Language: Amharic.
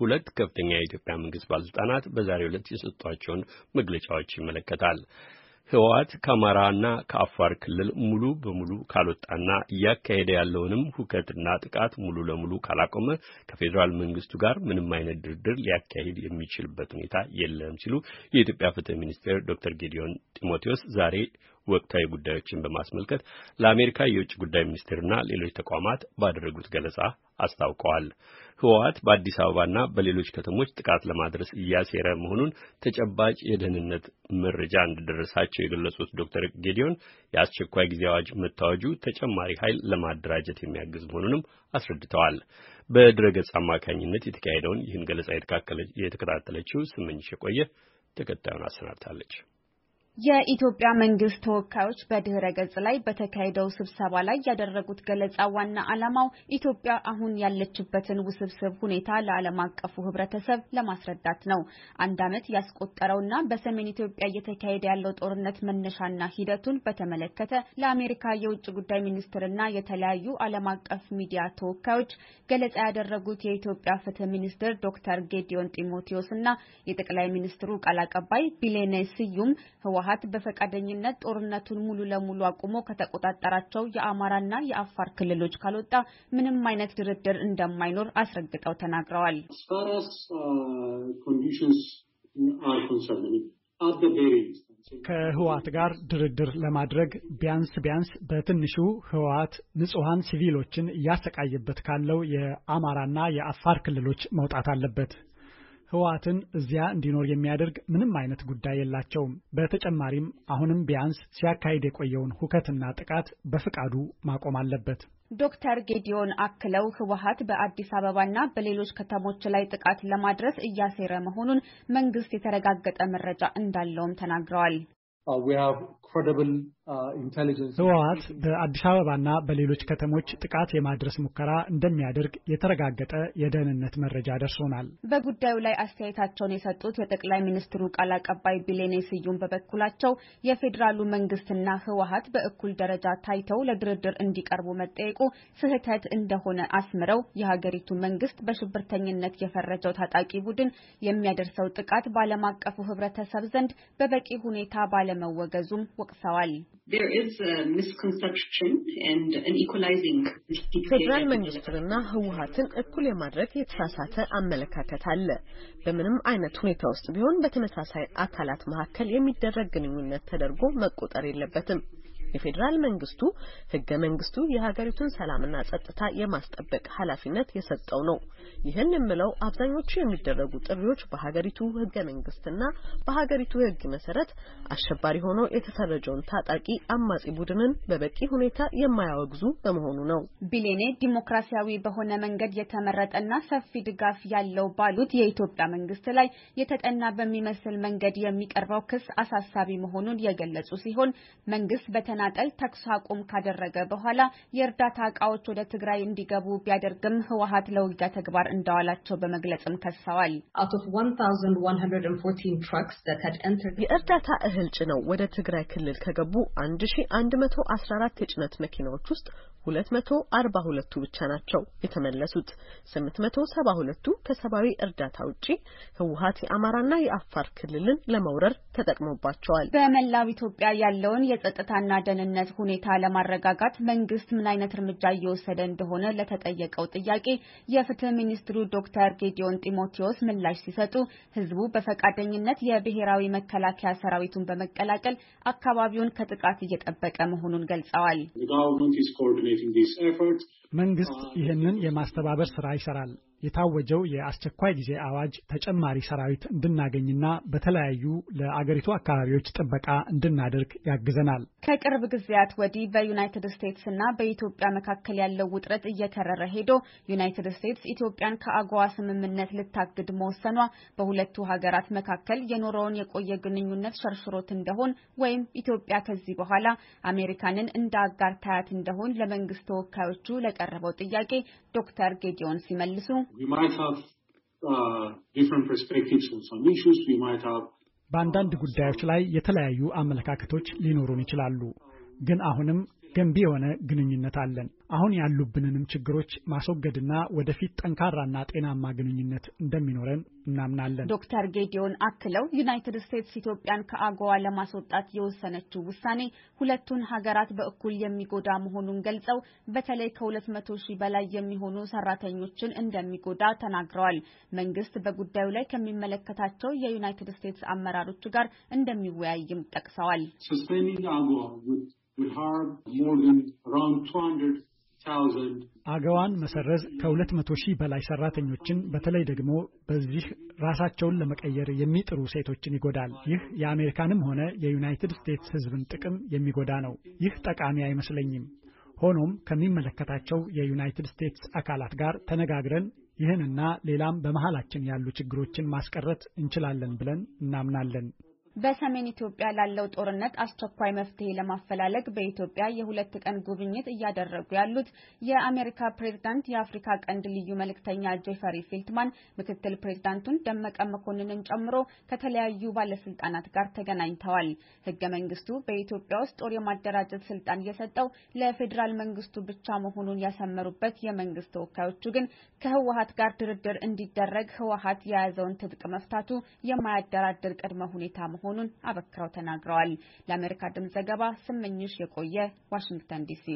ሁለት ከፍተኛ የኢትዮጵያ መንግስት ባለስልጣናት በዛሬው ዕለት የሰጧቸውን መግለጫዎች ይመለከታል። ህወሓት ከአማራና ከአፋር ክልል ሙሉ በሙሉ ካልወጣና እያካሄደ ያለውንም ሁከትና ጥቃት ሙሉ ለሙሉ ካላቆመ ከፌዴራል መንግስቱ ጋር ምንም አይነት ድርድር ሊያካሂድ የሚችልበት ሁኔታ የለም ሲሉ የኢትዮጵያ ፍትህ ሚኒስቴር ዶክተር ጌዲዮን ጢሞቴዎስ ዛሬ ወቅታዊ ጉዳዮችን በማስመልከት ለአሜሪካ የውጭ ጉዳይ ሚኒስቴርና ሌሎች ተቋማት ባደረጉት ገለጻ አስታውቀዋል። ህወሓት በአዲስ አበባና በሌሎች ከተሞች ጥቃት ለማድረስ እያሴረ መሆኑን ተጨባጭ የደህንነት መረጃ እንደደረሳቸው የገለጹት ዶክተር ጌዲዮን የአስቸኳይ ጊዜ አዋጅ መታወጁ ተጨማሪ ኃይል ለማደራጀት የሚያግዝ መሆኑንም አስረድተዋል። በድረገጽ አማካኝነት የተካሄደውን ይህን ገለጻ የተከታተለችው ስመኝሽ የቆየ ተከታዩን አሰናድታለች። የኢትዮጵያ መንግስት ተወካዮች በድህረ ገጽ ላይ በተካሄደው ስብሰባ ላይ ያደረጉት ገለጻ ዋና ዓላማው ኢትዮጵያ አሁን ያለችበትን ውስብስብ ሁኔታ ለዓለም አቀፉ ህብረተሰብ ለማስረዳት ነው። አንድ ዓመት ያስቆጠረውና በሰሜን ኢትዮጵያ እየተካሄደ ያለው ጦርነት መነሻና ሂደቱን በተመለከተ ለአሜሪካ የውጭ ጉዳይ ሚኒስትርና የተለያዩ ዓለም አቀፍ ሚዲያ ተወካዮች ገለጻ ያደረጉት የኢትዮጵያ ፍትህ ሚኒስትር ዶክተር ጌዲዮን ጢሞቴዎስ እና የጠቅላይ ሚኒስትሩ ቃል አቀባይ ቢሌኔ ስዩም ህወሀ ህወሀት በፈቃደኝነት ጦርነቱን ሙሉ ለሙሉ አቁሞ ከተቆጣጠራቸው የአማራና የአፋር ክልሎች ካልወጣ ምንም አይነት ድርድር እንደማይኖር አስረግጠው ተናግረዋል። uh, ከህወሀት ጋር ድርድር ለማድረግ ቢያንስ ቢያንስ በትንሹ ህወሀት ንጹሐን ሲቪሎችን እያሰቃየበት ካለው የአማራና የአፋር ክልሎች መውጣት አለበት። ህወሓትን እዚያ እንዲኖር የሚያደርግ ምንም አይነት ጉዳይ የላቸውም። በተጨማሪም አሁንም ቢያንስ ሲያካሂድ የቆየውን ሁከትና ጥቃት በፍቃዱ ማቆም አለበት። ዶክተር ጌዲዮን አክለው ህወሀት በአዲስ አበባና በሌሎች ከተሞች ላይ ጥቃት ለማድረስ እያሴረ መሆኑን መንግስት የተረጋገጠ መረጃ እንዳለውም ተናግረዋል። uh, Uh, ህወሓት በአዲስ አበባና በሌሎች ከተሞች ጥቃት የማድረስ ሙከራ እንደሚያደርግ የተረጋገጠ የደህንነት መረጃ ደርሶናል። በጉዳዩ ላይ አስተያየታቸውን የሰጡት የጠቅላይ ሚኒስትሩ ቃል አቀባይ ቢሌኔ ስዩም በበኩላቸው የፌዴራሉ መንግስትና ህወሓት በእኩል ደረጃ ታይተው ለድርድር እንዲቀርቡ መጠየቁ ስህተት እንደሆነ አስምረው የሀገሪቱ መንግስት በሽብርተኝነት የፈረጀው ታጣቂ ቡድን የሚያደርሰው ጥቃት በዓለም አቀፉ ህብረተሰብ ዘንድ በበቂ ሁኔታ ባለመወገዙም ወቅሰዋል። ፌዴራል መንግስትንና ህወሀትን እኩል የማድረግ የተሳሳተ አመለካከት አለ። በምንም አይነት ሁኔታ ውስጥ ቢሆን በተመሳሳይ አካላት መካከል የሚደረግ ግንኙነት ተደርጎ መቆጠር የለበትም። የፌዴራል መንግስቱ ህገ መንግስቱ የሀገሪቱን ሰላምና ጸጥታ የማስጠበቅ ኃላፊነት የሰጠው ነው። ይህን የምለው አብዛኞቹ የሚደረጉ ጥሪዎች በሀገሪቱ ህገ መንግስትና በሀገሪቱ ህግ መሰረት አሸባሪ ሆኖ የተሰረጀውን ታጣቂ አማጺ ቡድንን በበቂ ሁኔታ የማያወግዙ በመሆኑ ነው። ቢሌኔ ዲሞክራሲያዊ በሆነ መንገድ የተመረጠና ሰፊ ድጋፍ ያለው ባሉት የኢትዮጵያ መንግስት ላይ የተጠና በሚመስል መንገድ የሚቀርበው ክስ አሳሳቢ መሆኑን የገለጹ ሲሆን መንግስት በተ በመፈናቀል ተኩስ አቁም ካደረገ በኋላ የእርዳታ እቃዎች ወደ ትግራይ እንዲገቡ ቢያደርግም ህወሀት ለውጊያ ተግባር እንደዋላቸው በመግለጽም ከሰዋል። የእርዳታ እህል ጭነው ወደ ትግራይ ክልል ከገቡ 1114 የጭነት መኪናዎች ውስጥ 242ቱ ብቻ ናቸው የተመለሱት። 872ቱ ከሰብአዊ እርዳታ ውጪ ህወሀት የአማራና የአፋር ክልልን ለመውረር ተጠቅሞባቸዋል። በመላው ኢትዮጵያ ያለውን የጸጥታና ደህንነት ሁኔታ ለማረጋጋት መንግስት ምን አይነት እርምጃ እየወሰደ እንደሆነ ለተጠየቀው ጥያቄ የፍትህ ሚኒስትሩ ዶክተር ጌዲዮን ጢሞቴዎስ ምላሽ ሲሰጡ ህዝቡ በፈቃደኝነት የብሔራዊ መከላከያ ሰራዊቱን በመቀላቀል አካባቢውን ከጥቃት እየጠበቀ መሆኑን ገልጸዋል። coordinating these efforts መንግስት ይህንን የማስተባበር ስራ ይሰራል። የታወጀው የአስቸኳይ ጊዜ አዋጅ ተጨማሪ ሰራዊት እንድናገኝና በተለያዩ ለአገሪቱ አካባቢዎች ጥበቃ እንድናደርግ ያግዘናል። ከቅርብ ጊዜያት ወዲህ በዩናይትድ ስቴትስና በኢትዮጵያ መካከል ያለው ውጥረት እየከረረ ሄዶ ዩናይትድ ስቴትስ ኢትዮጵያን ከአጎዋ ስምምነት ልታግድ መወሰኗ በሁለቱ ሀገራት መካከል የኖረውን የቆየ ግንኙነት ሸርሽሮት እንደሆን ወይም ኢትዮጵያ ከዚህ በኋላ አሜሪካንን እንደ አጋር ታያት እንደሆን ለመንግስት ተወካዮቹ ለቀረበው ጥያቄ ዶክተር ጌዲዮን ሲመልሱ uh, በአንዳንድ ጉዳዮች ላይ የተለያዩ አመለካከቶች ሊኖሩን ይችላሉ ግን አሁንም ገንቢ የሆነ ግንኙነት አለን። አሁን ያሉብንንም ችግሮች ማስወገድና ወደፊት ጠንካራና ጤናማ ግንኙነት እንደሚኖረን እናምናለን። ዶክተር ጌዲዮን አክለው ዩናይትድ ስቴትስ ኢትዮጵያን ከአጎዋ ለማስወጣት የወሰነችው ውሳኔ ሁለቱን ሀገራት በእኩል የሚጎዳ መሆኑን ገልጸው በተለይ ከሁለት መቶ ሺህ በላይ የሚሆኑ ሰራተኞችን እንደሚጎዳ ተናግረዋል። መንግስት በጉዳዩ ላይ ከሚመለከታቸው የዩናይትድ ስቴትስ አመራሮች ጋር እንደሚወያይም ጠቅሰዋል። አገዋን መሰረዝ ከሁለት መቶ ሺህ በላይ ሰራተኞችን በተለይ ደግሞ በዚህ ራሳቸውን ለመቀየር የሚጥሩ ሴቶችን ይጎዳል። ይህ የአሜሪካንም ሆነ የዩናይትድ ስቴትስ ሕዝብን ጥቅም የሚጎዳ ነው። ይህ ጠቃሚ አይመስለኝም። ሆኖም ከሚመለከታቸው የዩናይትድ ስቴትስ አካላት ጋር ተነጋግረን ይህንና ሌላም በመሃላችን ያሉ ችግሮችን ማስቀረት እንችላለን ብለን እናምናለን። በሰሜን ኢትዮጵያ ላለው ጦርነት አስቸኳይ መፍትሄ ለማፈላለግ በኢትዮጵያ የሁለት ቀን ጉብኝት እያደረጉ ያሉት የአሜሪካ ፕሬዝዳንት የአፍሪካ ቀንድ ልዩ መልእክተኛ ጄፈሪ ፊልትማን ምክትል ፕሬዝዳንቱን ደመቀ መኮንንን ጨምሮ ከተለያዩ ባለስልጣናት ጋር ተገናኝተዋል። ህገ መንግስቱ በኢትዮጵያ ውስጥ ጦር የማደራጀት ስልጣን እየሰጠው ለፌዴራል መንግስቱ ብቻ መሆኑን ያሰመሩበት የመንግስት ተወካዮቹ ግን ከህወሀት ጋር ድርድር እንዲደረግ ህወሀት የያዘውን ትጥቅ መፍታቱ የማያደራድር ቅድመ ሁኔታ መሆኑ መሆኑን አበክረው ተናግረዋል። ለአሜሪካ ድምጽ ዘገባ ስመኝሽ የቆየ ዋሽንግተን ዲሲ